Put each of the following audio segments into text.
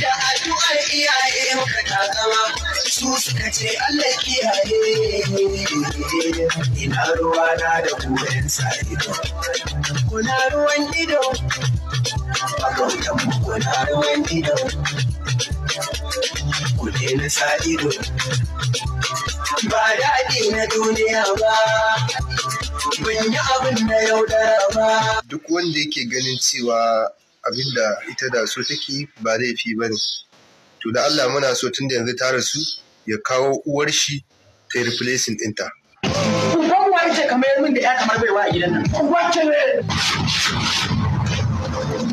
da addu'ar iyaye muka takama su suka ce Allah kiyaye ina ruwa na da koyon sa ido kuna ruwan ido magautan mu kuna ruwan ido ku daina sa ido ba daɗi na duniya ba ban yi abin da yaudara ba duk wanda yake ganin cewa abinda ita da so take ba laifi ba ne to da Allah muna so tun da yanzu ta rasu ya kawo uwar shi ta yi replacing ɗinta. Uwa ce kamar min da ya kamar baiwa a gidan nan. Uwa ce ne.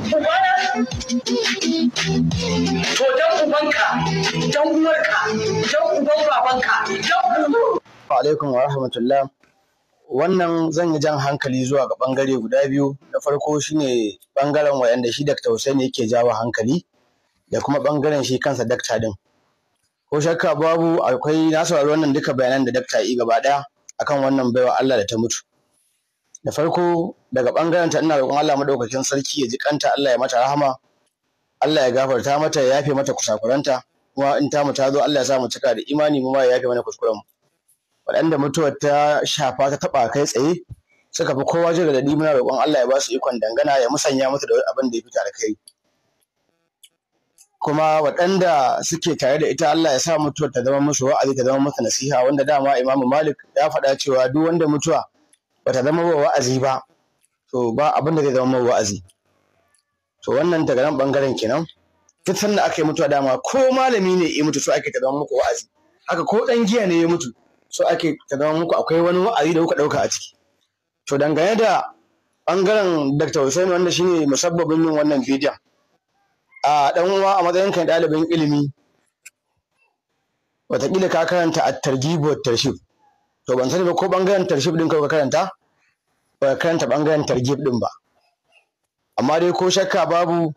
Uwa na. To dan ubanka, dan uwarka, dan uban babanka, dan uban. Wa alaikum wa rahmatullah. wannan zan yi jan hankali zuwa ga bangare guda biyu na farko shine ɓangaren wayanda shi dakta Hussein yake jawo hankali da kuma bangaren shi kansa dakta din ko shakka babu akwai na saurari wannan duka bayanan da dakta yi gaba ɗaya akan wannan baiwa Allah da ta mutu da farko daga bangaren ta ina roƙon Allah madaukakin sarki ya ji kanta Allah ya mata rahama Allah ya gafarta mata ya yafe mata kusakuranta kuma in ta mu ta zo Allah ya sa mu cika da imani mu ma ya yafe mana kuskuren mu waɗanda mutuwar ta shafa ta taɓa kai tsaye suka fi kowa jin radadi muna roƙon Allah ya ba su ikon dangana ya musanya mata da abin da ya fi tare kai kuma waɗanda suke tare da ita Allah ya sa mutuwar ta zama musu wa'azi ta zama musu nasiha wanda dama Imam Malik ya faɗa cewa duk wanda mutuwa bata zama wa wa'azi ba to ba abin da zai zama wa'azi to wannan daga nan bangaren kenan duk sanda aka yi mutuwa dama ko malami ne ya mutu so ake ta zama muku wa'azi haka ko ɗan giya ne ya mutu so ake ta zama muku akwai wani wa'azi da kuka ɗauka a ciki to dangane da bangaren dr hussein wanda shine musabbabin yin wannan bidiyon a dan uwa a matsayin kan dalibin ilimi wataƙila ka karanta a targibu tarshif. to ban sani ba ko ɓangaren tarshib ɗin ka karanta ba karanta ɓangaren targib ɗin ba amma dai ko shakka babu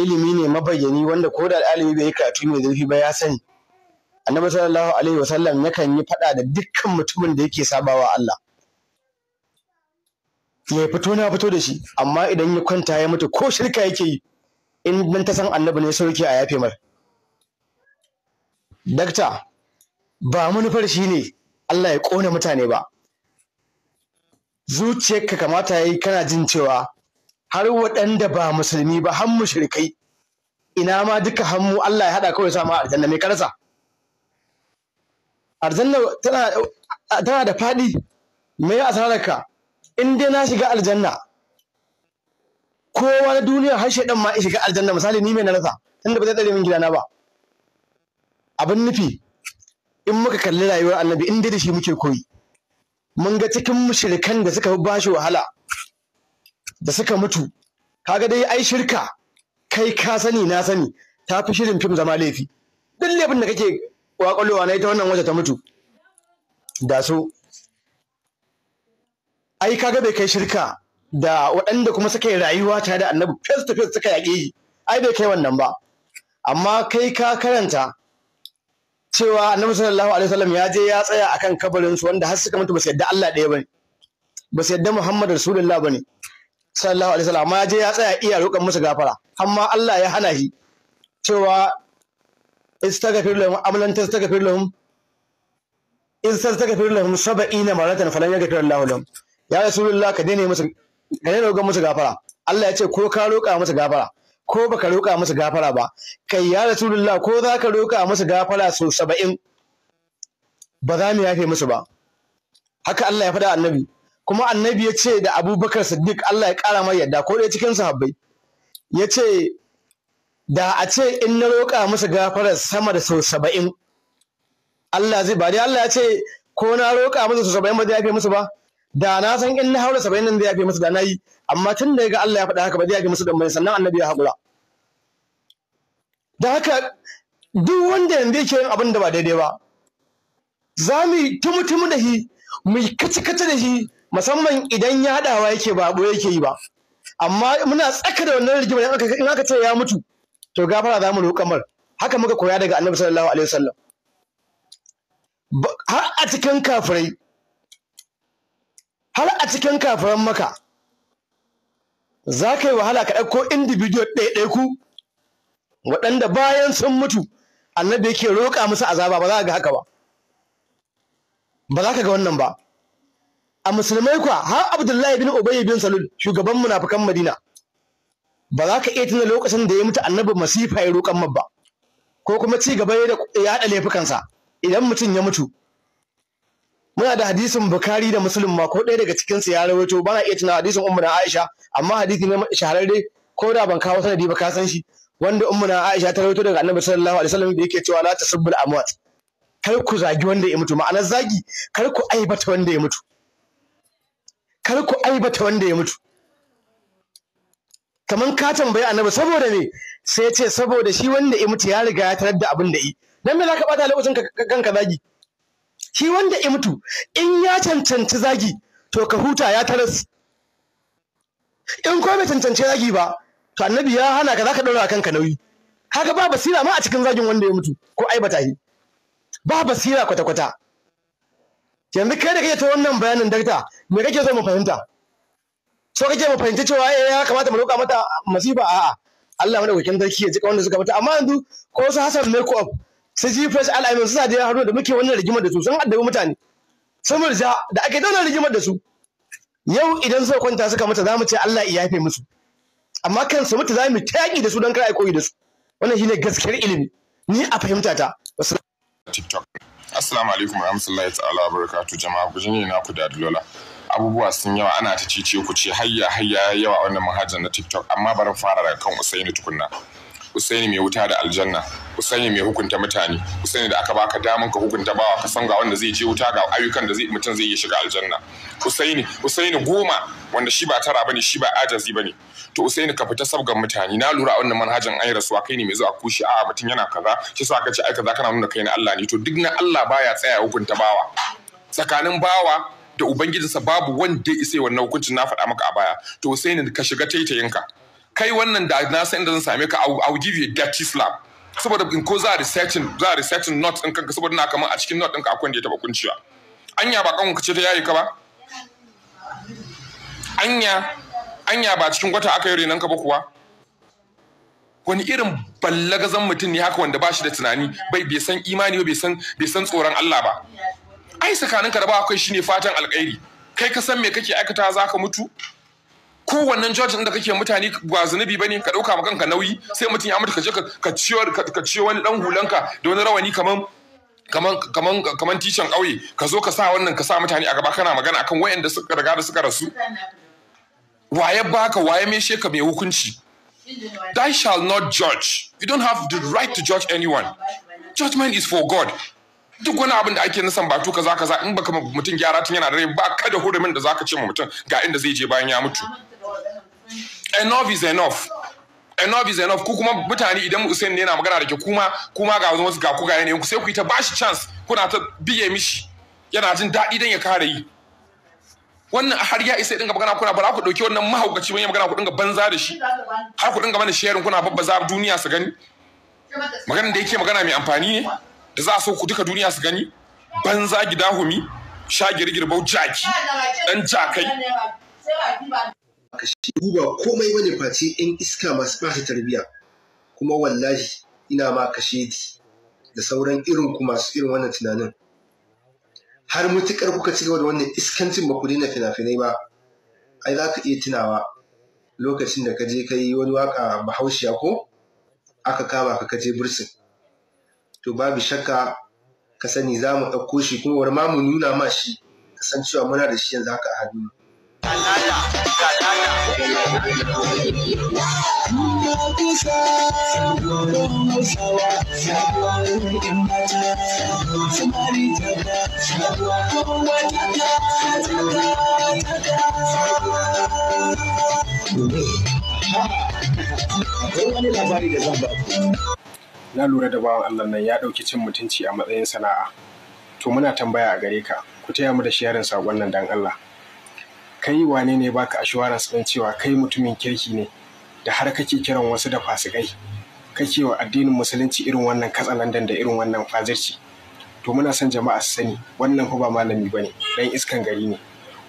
ilimi ne mabayyani wanda ko da ɗalibi bai yi karatu mai zurfi ba ya sani annabi sallallahu alaihi wasallam yakan yi faɗa da dukkan mutumin da yake sabawa Allah ya fito na fito da shi amma idan ya kwanta ya mutu ko shirka yake yi in nan ta san annabi ne sauke a yafe mar dakta ba manufar shi ne Allah ya kona mutane ba zuciyarka kamata yayi kana jin cewa har waɗanda ba musulmi ba har mushrikai ina ma duka hannu Allah ya haɗa kawai sama aljanna mai karasa aljanna tana da faɗi me ya asararka in dai na shiga aljanna kowa na duniya har shaidan ma shiga aljanna misali ni mai na rasa tunda ba zai tsare min gidana ba abin nufi in muka kalli rayuwar annabi in dai da shi muke koyi mun ga cikin mushrikan da suka ba shi wahala da suka mutu kaga dai ai shirka kai ka sani na sani ta fi shirin fim zama laifi duk laifin da kake kwakwalwa na ita wannan wacce ta mutu da su ai kaga bai kai shirka da waɗanda kuma suka yi rayuwa tare da annabi face to face suka yaƙe shi ai bai kai wannan ba amma kai ka karanta cewa annabi sallallahu alaihi wasallam ya je ya tsaya akan kabarin su wanda har suka mutu ba su yadda Allah ɗaya bane ba su yadda Muhammad Rasulullah bane sallallahu alaihi wasallam amma ya je ya tsaya iya roƙon musu gafara amma Allah ya hana shi cewa استغفر لهم أم لن ta لهم إذ تستغفر لهم سبعين مرة فلن يغفر الله لهم ya rasulullah ka daina musu ka daina roƙon musu gafara Allah ya ce ko ka roƙa musu gafara ko baka roƙa musu gafara ba kai ya rasulullah ko za ka roƙa musu gafara sau saba'in ba za mu yafe musu ba haka Allah ya faɗa annabi kuma annabi ya ce da abubakar siddiq Allah ya ƙara mai yadda ko dai cikin sahabbai ya ce da a ce in na roƙa musu gafarar sama da sau saba'in Allah zai ba Allah ya ce ko na roƙa musu sau saba'in ba zai yafe musu ba da na san in na haura saba'in nan zai yafe musu da na yi amma tun da ga Allah ya faɗa haka ba zai yafe musu da mai sannan annabi ya haƙura da haka duk wanda yanzu yake yin abin da ba daidai ba za mu yi tumutumu da shi mu yi kaci-kaci da shi musamman idan yaɗawa yake ba ɓoye yake yi ba amma muna tsaka da wannan rigima in aka ce ya mutu to gafara za mu roƙa mar haka muka koya daga annabi sallallahu alaihi wasallam har a cikin kafirai har a cikin kafiran maka za ka yi wahala ka ɗauko individual ku waɗanda bayan sun mutu annabi yake roƙa musu azaba ba za ka ga haka ba ba za ka ga wannan ba a musulmai kuwa har abdullahi bin ubay bin salul shugaban munafukan madina ba za ka iya tuna lokacin da ya mutu annabi masifa ya roƙan mabba ko kuma ci gaba ya yaɗa laifukansa idan mutum ya mutu muna da hadisin bukari da musulun ma ko ɗaya daga cikinsu ya rawaito ba na iya tuna hadisin ummu na aisha amma hadisi ne shahararre ko da ban kawo sanadi ba ka san shi wanda ummu na aisha ta rawaito daga annabi sallallahu alaihi wasallam da yake cewa la tasubbul amwat kar ku zagi wanda ya mutu ma'anar zagi kar ku aibata wanda ya mutu kar ku aibata wanda ya mutu kamar ka tambayi annabi saboda me sai ce saboda shi wanda ya mutu ya riga ya tarar da abin da yi dan me zaka bata lokacin kanka zagi shi wanda ya mutu in ya cancanci zagi to ka huta ya taras in ko bai cancanci zagi ba to annabi ya hana ka zaka daura kanka nauyi haka ba basira ma a cikin zagin wanda ya mutu ko bata yi ba basira kwata kwata yanzu kai da kake ta wannan bayanin dakta me kake so mu fahimta so kake mu fahimci cewa eh ya kamata mu roƙa mata masifa a'a Allah mana kokin darki ya jika wanda suka fita amma yanzu ko su Hassan make up su ji fresh al'amin su sadiya haruwa da muke wannan rigimar da su sun addabi mutane sun murja da ake dauna rigimar da su yau idan suka kwanta suka mata, za mu ce Allah ya yafe musu amma kan su mutu za mu taƙi da su don kar a koyi da su wannan shine gaskiyar ilimi ni a fahimta ta TikTok Assalamu alaikum rahmatullahi ta'ala barakatuh jama'a ku ne na ku da Lola abubuwa sun yawa ana ta cece ku ce hayya hayya yawa wannan manhajar na tiktok amma bari fara daga kan usaini tukunna usaini mai wuta da aljanna usaini mai hukunta mutane usaini da aka baka damar ka hukunta bawa ka san ga wanda zai je wuta ga ayyukan da zai mutum zai iya shiga aljanna usaini usaini goma wanda shi ba tara bane shi ba ajazi bane to usaini ka fita sabgan mutane na lura wannan manhajan an yi rasuwa kai ne mai zuwa kushi a mutum yana kaza shi sa ka ce ai kaza kana nuna kai na Allah ne to duk na Allah baya tsaya hukunta bawa tsakanin bawa da ubangijinsa babu wanda isa wannan hukuncin na faɗa maka a baya to ne ka shiga taitayinka kai wannan da na san inda zan same ka I will give you a dirty slap saboda in ko za a researching za a researching not din kanka saboda na kaman a cikin not ɗinka akwai wanda ya taɓa kunciya anya ba ka ce ta yayi ka ba anya anya ba cikin gwata aka yi renan ka ba kuwa wani irin ballagazan mutum ne haka wanda ba shi da tunani bai bai san imani ba bai san tsoron Allah ba ai tsakaninka da ba akwai shine fatan alkhairi kai ka san me kake aikata za ka mutu Ko wannan George da kake mutane ba zunubi bane ka dauka ma kanka nauyi sai mutum ya mutu ka je ka ciyo ka ciyo wani dan hulanka da wani rawani kaman kaman kaman kaman tishan kauye ka zo ka sa wannan ka sa mutane a gaba kana magana akan wayanda suka riga da suka rasu waye baka waye me sheka mai hukunci Thou shall not judge. You don't have the right to judge anyone. Judgment is for God. duk wani abin da ake na za kaza kaza in kama mutum gyara tun yana da rai ba kada da hurumin da ka ce ma mutum ga inda zai je bayan ya mutu enough is enough enough is enough ku kuma mutane idan Usain ne yana magana da ke kuma kuma ga wasu ga ku ga yanayin ku sai ku yi ta bashi chance kuna ta biye mishi yana jin daɗi dan ya kare yi wannan har ya isa dinga magana kuna ba za ku dauki wannan mahaukaci wani magana ku dinga banza da shi har ku dinga mana sharing kuna babbaza duniya su gani Maganin da yake magana mai amfani ne da za a so ku duka duniya su gani banza gida humi shagir girbau jaki dan jakai duba komai bane face yan iska masu ɓata tarbiya kuma wallahi ina ma kashe da sauran irin ku masu irin wannan tunanin har mutukar kuka ci gaba da wannan iskancin ba ku daina fina-finai ba ai za ka iya tunawa lokacin da ka je ka yi wani waka bahaushiya ko aka kama ka kaje bursin to babu shakka ka sani za mu ɗauko shi kuma wani ma mu nuna ma shi ka san cewa muna da shi yanzu haka a hannu. Akwai wani labari da zan ba na lura da bawan Allah nan ya ɗauki cin mutunci a matsayin sana'a. To muna tambaya a gare ka, ku taya mu da sharin saƙon nan dan Allah. Kai wane ne baka su ɗin cewa kai mutumin kirki ne da har kake kiran wasu da fasikai. Kake wa addinin musulunci irin wannan katsalandan da irin wannan fazirci. To muna son jama'a su sani wannan fa ba malami bane dan iskan gari ne.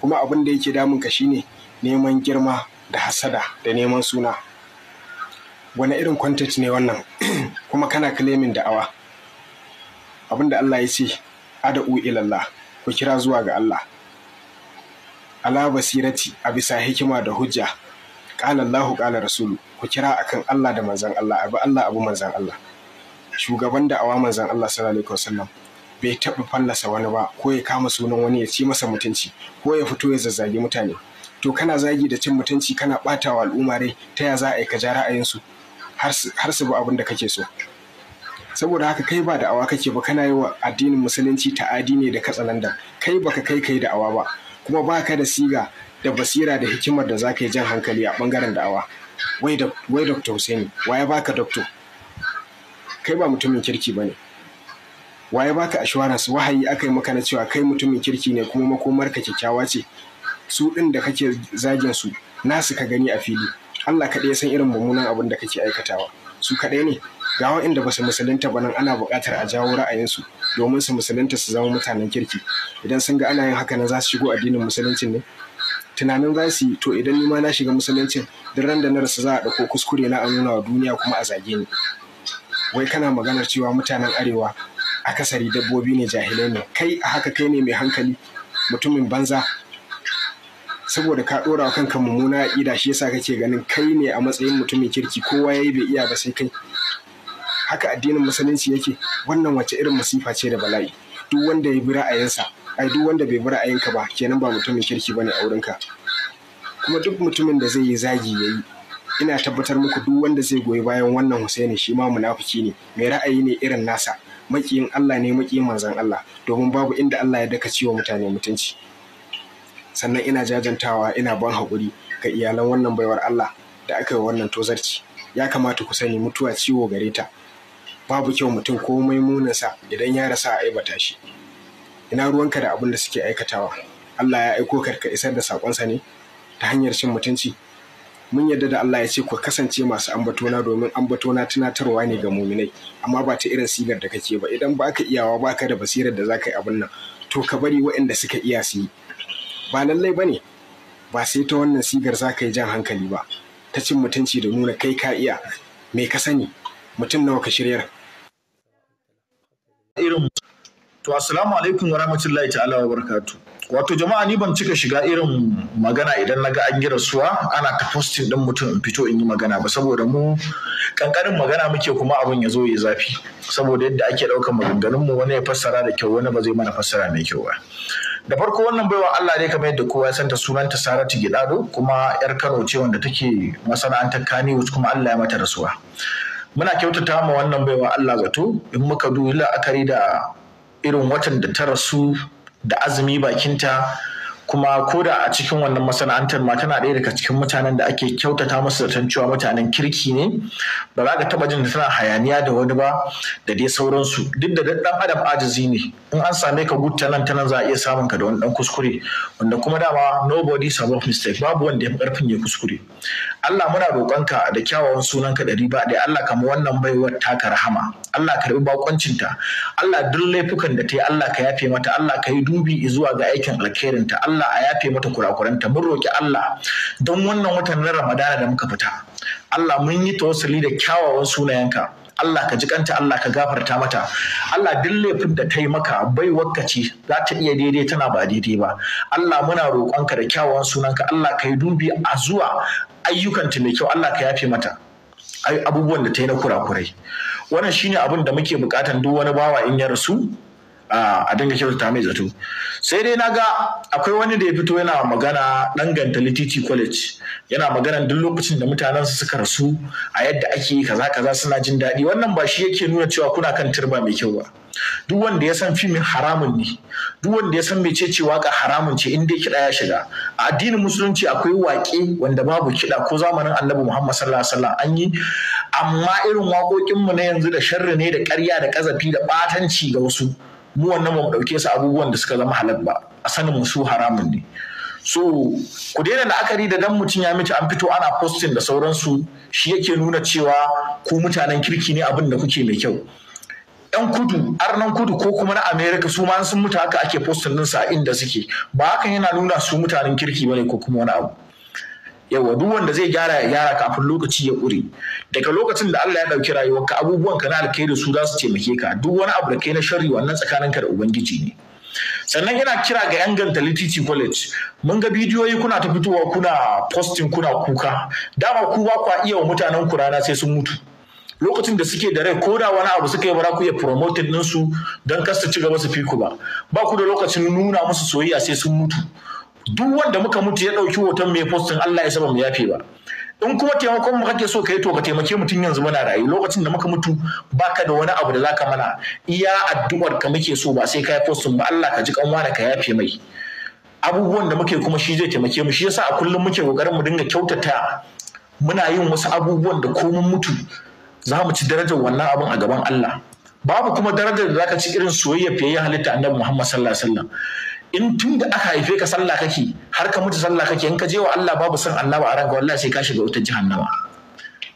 Kuma abin da yake damun ka shine neman girma da hasada da neman suna wani irin kwantaci ne wannan kuma kana da da'awa abinda Allah ya ce ada'u ilallah ku kira zuwa ga Allah ala basirati a bisa hikima da hujja qala Allahu qala rasulu ku kira akan Allah da manzon Allah abu Allah abu manzon Allah shugaban da'awa manzon Allah sallallahu alaihi wasallam bai taɓa fallasa wani ba ko ya kama sunan wani ya ci masa mutunci ko ya fito ya zazzage mutane to kana zagi da cin mutunci kana ɓata al'umma rai ta ya za a yi ka ja ra'ayinsu har su bi abin da kake so saboda haka kai ba da da'awa kake ba kana yi wa addinin musulunci ta'adi ne da katsalanda kai baka kai kai da'awa ba kuma baka da siga da basira da hikimar da zaka yi jan hankali a bangaren da'awa wai wai dr husaini waye baka doctor kai ba mutumin kirki ba ne waye baka assurance wahayi aka yi maka na cewa kai mutumin kirki ne kuma makomar ka kyakkyawa ce su ɗin da kake zagin su nasu ka gani a fili Allah kaɗai ya san irin mummunan abin da kake aikatawa su kaɗai ne ga waɗanda ba su musulunta ba nan ana buƙatar a jawo ra'ayinsu domin su musulunta su zama mutanen kirki idan sun ga ana yin haka na za su shigo addinin musuluncin ne tunanin za su yi to idan ni ma na shiga musuluncin duk ran na rasu za a ɗauko kuskure na a nuna wa duniya kuma a zage ni wai kana maganar cewa mutanen arewa akasari dabbobi ne jahilai ne kai a haka kai ne mai hankali mutumin banza saboda ka ɗora kanka mummuna ida shi yasa kake ganin kai ne a matsayin mutumin kirki kowa ya yi bai iya ba sai kai haka addinin musulunci yake wannan wace irin masifa ce da bala'i duk wanda ya bi ra'ayinsa ai duk wanda bai bi ra'ayinka ba kenan ba mutumin kirki ne a ka. kuma duk mutumin da zai yi zagi ya yi, ina tabbatar muku duk wanda zai goyi bayan wannan Husaini shi ma munafuki ne mai ra'ayi ne irin nasa maƙiyin Allah ne makiyin manzon Allah domin babu inda Allah ya daka ciwo mutane mutunci sannan ina jajantawa ina ban haƙuri ga iyalan wannan baiwar Allah da aka yi wannan tozarci ya kamata ku sani mutuwa ciwo gare ta babu kyau mutum komai munansa idan ya rasa a aibata shi ina ruwanka da abin da suke aikatawa Allah ya aiko ka ka isar da saƙonsa ne ta hanyar cin mutunci mun yarda da Allah ya ce ku kasance masu ambatona domin ambatona tunatarwa ne ga muminai amma ba ta irin sigar da kake ba idan ba baka iyawa baka da basirar da zaka yi abin nan to ka bari waɗanda suka iya su yi ba lallai ba ne ba sai ta wannan sigar za ka yi jan hankali ba ta cin mutunci da nuna kai ka iya me ka sani mutum nawa ka shiryar irin to assalamu alaikum wa rahmatullahi ta'ala wa barakatu wato jama'a ni ban cika shiga irin magana idan naga an yi rasuwa ana ta posting din mutum in fito in yi magana ba saboda mu kankarin magana muke kuma abin ya zo ya zafi saboda yadda ake ɗaukar maganganun mu wani ya fassara da kyau wani ba zai mana fassara mai kyau ba da farko wannan baiwa Allah ne kamar yadda kowa ya san ta sunanta Saratu Gidado kuma yar Kano ce wanda take masana'antar Kaniwood kuma Allah ya mata rasuwa muna kyautata ma wannan baiwa Allah zato in muka dubi la'akari da irin watan da ta rasu da azumi bakinta kuma ko da a cikin wannan masana'antar ma tana ɗaya daga cikin mutanen da ake kyautata masu zaton cewa mutanen kirki ne ba za ka taɓa jin da tana hayaniya da wani ba da dai sauransu duk da ɗan adam ajizi ne in an same ka gutta nan ta za a iya samun ka da wani ɗan kuskure wanda kuma dama nobody is above mistake babu wanda ya fi ƙarfin ya kuskure Allah muna roƙonka da kyawawan sunan ka ɗari ba ɗaya Allah kama wannan baiwar taka rahama Allah karɓi bakoncinta Allah duk laifukan da ta yi Allah ka yafe mata Allah ka yi dubi zuwa ga aikin alkhairinta Allah Allah a yafe mata kurakuranta mun roki Allah don wannan watan na Ramadana da muka fita Allah mun yi tawassuli da kyawawan sunayenka Allah ka jikanta Allah ka gafarta mata Allah duk laifin da ta yi maka bai wakaci za ta iya daidai tana ba daidai ba Allah muna roƙonka da kyawawan sunanka Allah ka yi dubi a zuwa ayyukanta mai kyau Allah ka yafe mata abubuwan da ta yi na kurakurai wannan shine abin da muke bukatan duk wani bawa in ya rasu a dinga kyautata mai zato sai dai na ga akwai wani da ya fito yana magana danganta lititi college yana magana duk lokacin da mutanen su suka rasu a yadda ake yi kaza kaza suna jin daɗi wannan ba shi yake nuna cewa kuna kan turba mai kyau ba duk wanda ya san fim haramun ne duk wanda ya san mece ce waka haramun ce inda kiɗa ya shiga a addinin musulunci akwai waƙe wanda babu kiɗa ko zamanin annabi muhammad sallallahu alaihi wasallam an yi amma irin waƙoƙinmu na yanzu da sharri ne da ƙarya da ƙazafi da ɓatanci ga wasu mu wannan mu ɗauke su abubuwan da suka zama halal ba a sanin mu su haramun ne so ku daina la'akari da dan mutum ya miki an fito ana posting da sauransu shi yake nuna cewa ku mutanen kirki ne abin da kuke mai kyau yan kudu arnan kudu ko kuma na america su ma sun mutu haka ake postin ɗinsu a inda suke ba hakan yana nuna su mutanen kirki bane ko kuma wani abu yawa duk wanda zai gyara ya gyara kafin lokaci ya ƙure daga lokacin da Allah ya ɗauki ka abubuwan ka na alkhairi su za su taimake ka duk wani abu da kai na sharri wannan ka da ubangiji ne sannan ina kira ga yan ganta Lititi College mun ga bidiyoyi kuna ta fitowa kuna posting kuna kuka dama ku ba kwa iya wa mutanen ku rana sai sun mutu lokacin da suke da rai ko da wani abu suka yi bara ku iya promoted ɗinsu don kasta ci gaba su fi ku ba ba ku da lokacin nuna musu soyayya sai sun mutu duk wanda muka mutu ya ɗauki hoton mai postin Allah ya saba mu yafe ba in kuma taimakon mu kake so kai to ka taimake mutum yanzu muna rayu lokacin da muka mutu baka da wani abu da zaka mana iya addu'ar ka muke so ba sai kai postin ba Allah ka ji kanwa da ka yafe mai abubuwan da muke kuma shi zai taimake mu shi yasa a kullum muke kokarin mu dinga kyautata muna yin wasu abubuwan da ko mun mutu za mu ci darajar wannan abin a gaban Allah babu kuma darajar da zaka ci irin soyayya fiye halitta annabi Muhammad sallallahu alaihi wasallam in tun da aka haife ka sallah kake har ka mutu sallah kake in ka je wa Allah babu san Allah ba a ranka wallahi sai ka shiga wutar jahannama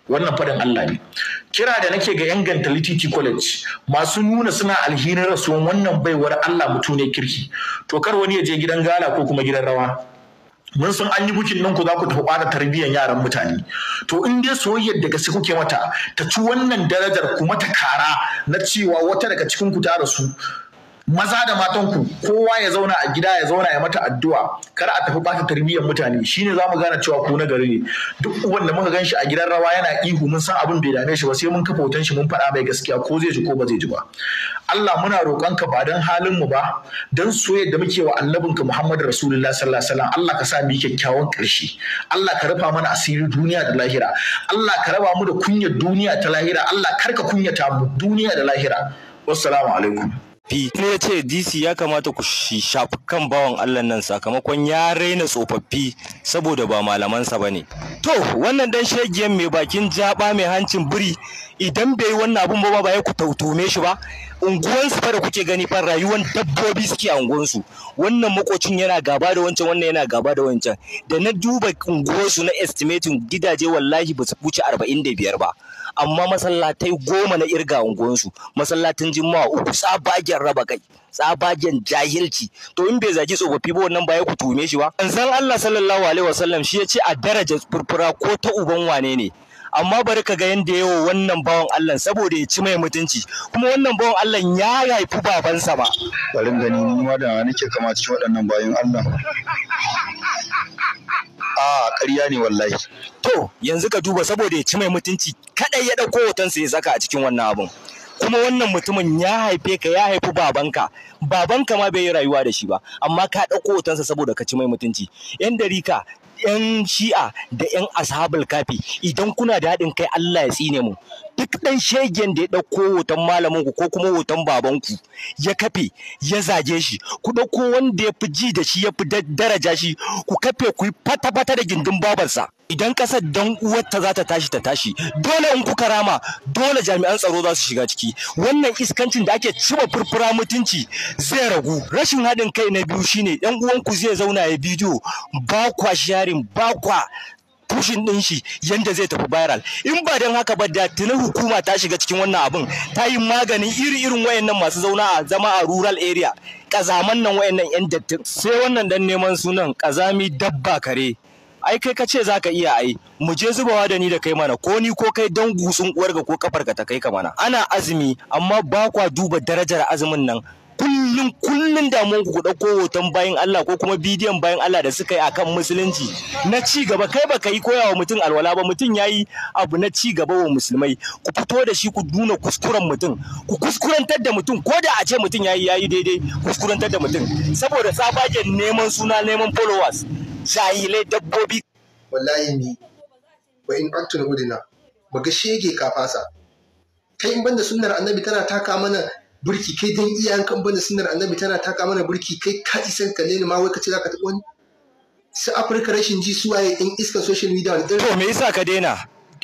wannan faɗin Allah ne kira da nake ga yan Litici college masu nuna suna alhinin rasuwan wannan baiwar Allah mutu ne kirki to kar wani ya je gidan gala ko kuma gidan rawa mun san an yi bukin nan ku za ku tafi da tarbiyyar yaran mutane to in dai soyayyar da gaske kuke mata ta ci wannan darajar kuma ta kara na cewa wata daga cikin ku ta rasu maza da matan ku kowa ya zauna a gida ya zauna ya mata addu'a kar a tafi bata tarbiyyar mutane shine zamu gane cewa ku na gari ne duk uban da muka ganshi a gidan rawa yana ihu mun san abin bai dame shi ba sai mun kafa hoton shi mun faɗa mai gaskiya ko zai ji ko ba zai ji ba Allah muna ka ba dan halin mu ba dan soyayyar da muke wa ka Muhammad Rasulullah sallallahu alaihi wasallam Allah ka sa mu kyakkyawan ƙarshe Allah ka rufa mana asiri duniya da lahira Allah ka raba mu da kunyar duniya ta lahira Allah ka kunyata mu duniya da lahira wassalamu alaikum tsofaffi ne ya ce dc ya kamata ku shafi kan bawan allah nan sakamakon ya raina tsofaffi saboda ba malamansa ba ne to wannan dan shegiyan mai bakin jaba mai hancin biri idan bai wannan abun ba ba ya ku tautume shi ba unguwansu fa da kuke gani fa rayuwar dabbobi suke a unguwansu wannan makocin yana gaba da wancan wannan yana gaba da wancan da na duba unguwarsu na estimating gidaje wallahi ba su wuce biyar ba amma masallatai goma na irga unguwansu masallatin jimawa uku tsabagen raba kai tsabagen jahilci to in bai zagi tsofaffi ba wannan baya ku tume shi ba manzon Allah sallallahu alaihi wasallam shi ya ce a darajar furfura ko ta uban wane ne amma bari ka ga yadda yawo wannan bawan Allah saboda ya ci mai mutunci kuma wannan bawan Allah ya haifi babansa ba bari gani ni ma da nake kama cikin waɗannan bayan Allah a ƙarya ne wallahi to yanzu ka duba saboda ya ci mai mutunci kaɗai ya ɗauko hotonsa ya saka a cikin wannan abun kuma wannan mutumin ya haife ka ya haifi babanka babanka ma bai yi rayuwa da shi ba amma ka ɗauko hotonsa saboda ka ci mai mutunci yan ka 'yan shi'a da 'yan ashabul kafi idan kuna da haɗin kai Allah ya tsine mu duk ɗan shegen da ya ɗauko hoton malamin ku ko kuma hoton baban ku ya kafe ya zage shi ku ɗauko wanda ya fi ji da shi ya fi daraja shi ku kafe ku yi fata-fata da gindin babarsa idan ƙasar dan uwarta za ta tashi ta tashi dole in kuka rama dole jami'an tsaro za su shiga ciki wannan iskancin da ake ciba furfura mutunci zai ragu rashin haɗin kai na biyu shine ɗan uwanku zai zauna ya bidiyo ba kwa sharing ba kwa pushing din shi yanda zai tafi viral in ba don haka ba da tuna hukuma ta shiga cikin wannan abun ta yi maganin iri irin wayannan masu zauna a zama a rural area kazaman nan wayannan yan dattin sai wannan dan neman sunan kazami dabba kare ai kai ka ce za iya ai mu je zubawa da ni da kai mana ko ni ko kai dan gusun ga ko kafarka ta kai ka mana ana azumi amma ba kwa duba darajar azumin nan kullum kullum damuwan ku ɗauko hoton bayan Allah ko kuma bidiyon bayan Allah da suka yi akan musulunci na ci gaba kai baka yi koyawa mutum alwala ba mutum ya yi abu na ci gaba wa musulmai ku fito da shi ku nuna kuskuren mutum ku kuskurantar da mutum ko da a ce mutum ya yi, ya yi daidai kuskurantar da mutum saboda tsabagen neman suna neman followers jahilai dabbobi wallahi ni wa in antu udina ga shege kafasa kai in banda sunnar annabi tana taka mana burki kai dan iyayen kan bane sunnar annabi tana taka mana burki kai ka isan kalle ni ma wai kace zaka taɓa ni su afirka rashin ji su waye in iska social media wani to me yasa ka daina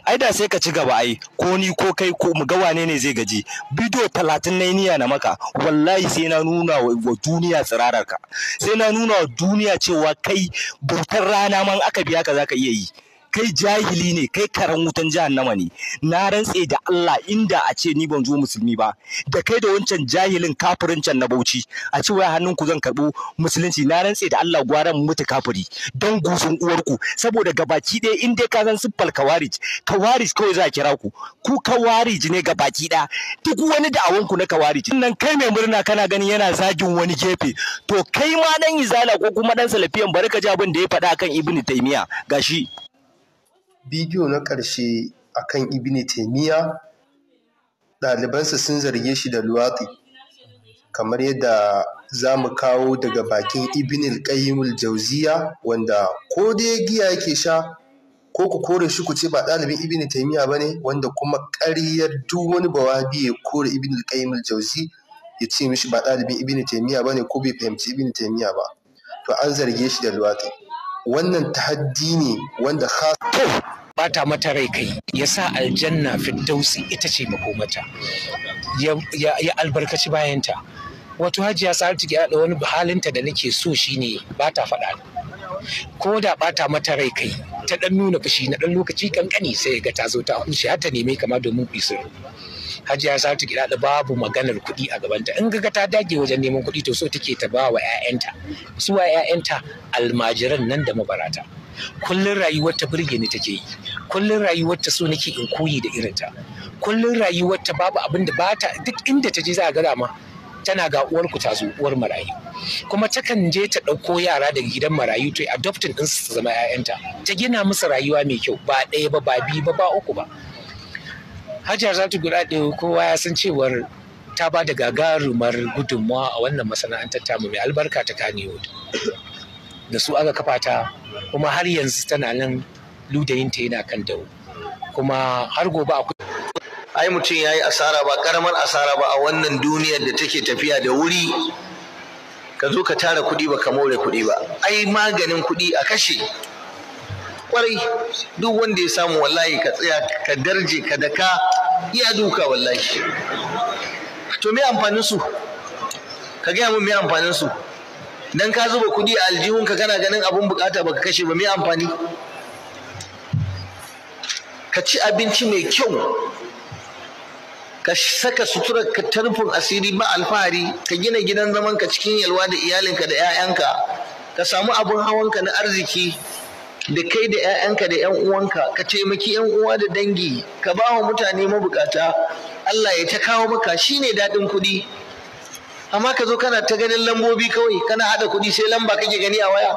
ai da sai ka ci gaba ai ko ni ko kai ko mu ga wane ne zai gaji bidiyo talatin na niyya na maka wallahi sai na nuna wa duniya tsirararka sai na nuna wa duniya cewa kai burtar rana man aka biya ka zaka iya yi kai jahili ne kai karan wutan jahannama ne na rantse da Allah inda a ce ni ban zo musulmi ba da kai da wancan jahilin kafirin can na Bauchi a ce wai hannun ku zan karbo musulunci na rantse da Allah gwaran mutu kafiri don gusun uwar ku. saboda gabaki ɗaya in dai ka san siffal kawarij kawarij kawai za a kira ku ku kawarij ne gabaki ɗaya duk wani da'awan ku na kawarij nan kai mai murna kana ganin yana zagin wani gefe to kai ma dan izala ko kuma dan salafiyan bari ka ji da ya faɗa akan ibnu taymiya gashi bidiyo na ƙarshe a kan ibn taimiyya ɗalibansa sun zarge shi da luwatsi kamar yadda za mu kawo daga bakin ibn al jauziya wanda ko dai giya yake sha ko ku kore shi ku ce ba ɗalibin ibn taimiyya ba ne wanda kuma ƙaryar duk wani bawabi ya kore ibn al jauzi ya ce mishi ba ɗalibin ibn taimiyya ba ne ko bai fahimci ibn taimiyya ba to an zarge shi da luwatsi wannan tahaddi ne wanda khas bata mata rai kai ya sa aljanna firdausi ita ce makomata ya albarkaci bayanta wato hajiya sa'atu ki da wani halinta da nake so shine ba ta faɗa ko da bata mata rai kai ta ɗan nuna fushi na ɗan lokaci kankani sai ga ta zo ta hushe har ta neme kama domin kuyi hajiya za ta gida da babu maganar kuɗi a gabanta in ga ta dage wajen neman kuɗi to so take ta ba wa 'ya'yanta su wa 'ya'yanta almajiran nan da mabarata kullun rayuwar ta burge ni take yi kullun rayuwar ta so nake in koyi da irin ta. kullun rayuwar ta babu abin da ba ta duk inda ta je za a ga dama tana ga uwarku ta zo uwar marayu kuma takan je ta ɗauko yara daga gidan marayu to adopting din su zama 'ya'yanta ta gina musu rayuwa mai kyau ba ɗaya ba ba biyu ba ba uku ba za ta guda ɗaya kowa ya san cewar ta ba da gagarumar gudunmawa a wannan masana'antar tamu mai albarka ta Kannywood. Da su aka kafa ta kuma har yanzu tana nan ludayinta yana kan dawo. Kuma har gobe akwai ai mutum ya yi asara ba karamar asara ba a wannan duniyar da take tafiya da wuri ka zo ka tara kuɗi ba ka more kuɗi ba ai maganin kuɗi a kashe kwarai duk wanda ya samu wallahi ka tsaya ka darje ka daka iya duka wallahi to me amfanin su ka gaya mun me amfanin su dan ka zuba kudi a aljihun ka kana ganin abun bukata baka kashe ba me amfani ka ci abinci mai kyau ka saka sutura ka tarfin asiri ba alfahari ka gina gidan zaman ka cikin yalwa da iyalinka da 'ya'yanka ka samu abun hawanka na arziki da kai da 'ya'yanka da 'yan uwanka ka taimaki 'yan uwa da dangi ka ba wa mutane mabukata Allah ya ta kawo maka shi ne daɗin kuɗi amma ka zo kana ta ganin lambobi kawai kana haɗa kuɗi sai lamba kake gani a waya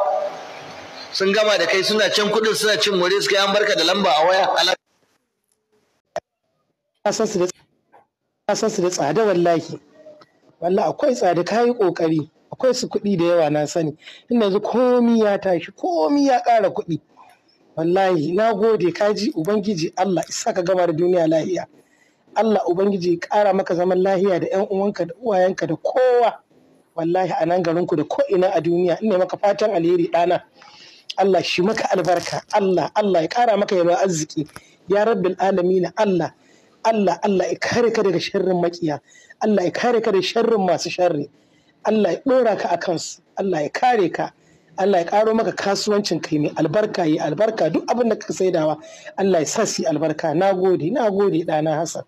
sun gama da kai suna can kuɗin suna cin more suka yan barka da lamba a waya san su da tsada wallahi wallahi akwai tsada kayi kokari akwai su kuɗi da yawa na sani in yanzu komi ya tashi komi ya ƙara kuɗi wallahi na gode kaji ubangiji Allah isa ka gama da duniya lahiya Allah ubangiji ƙara maka zaman lahiya da ƴan uwanka da uwayenka da kowa wallahi a nan garinku da ko ina a duniya ina maka fatan alheri ɗana Allah shi maka albarka Allah Allah ya ƙara maka yawan arziki ya rabbil alamin Allah Allah Allah ya kare ka daga sharrin makiya Allah ya kare ka da sharrin masu sharri Allah ya ɗora ka a kansu Allah ya kare ka Allah ya ƙaro maka kasuwancin kai mai albarka yi albarka duk abin da ka saidawa Allah ya sa su albarka na gode na gode ɗana Hassan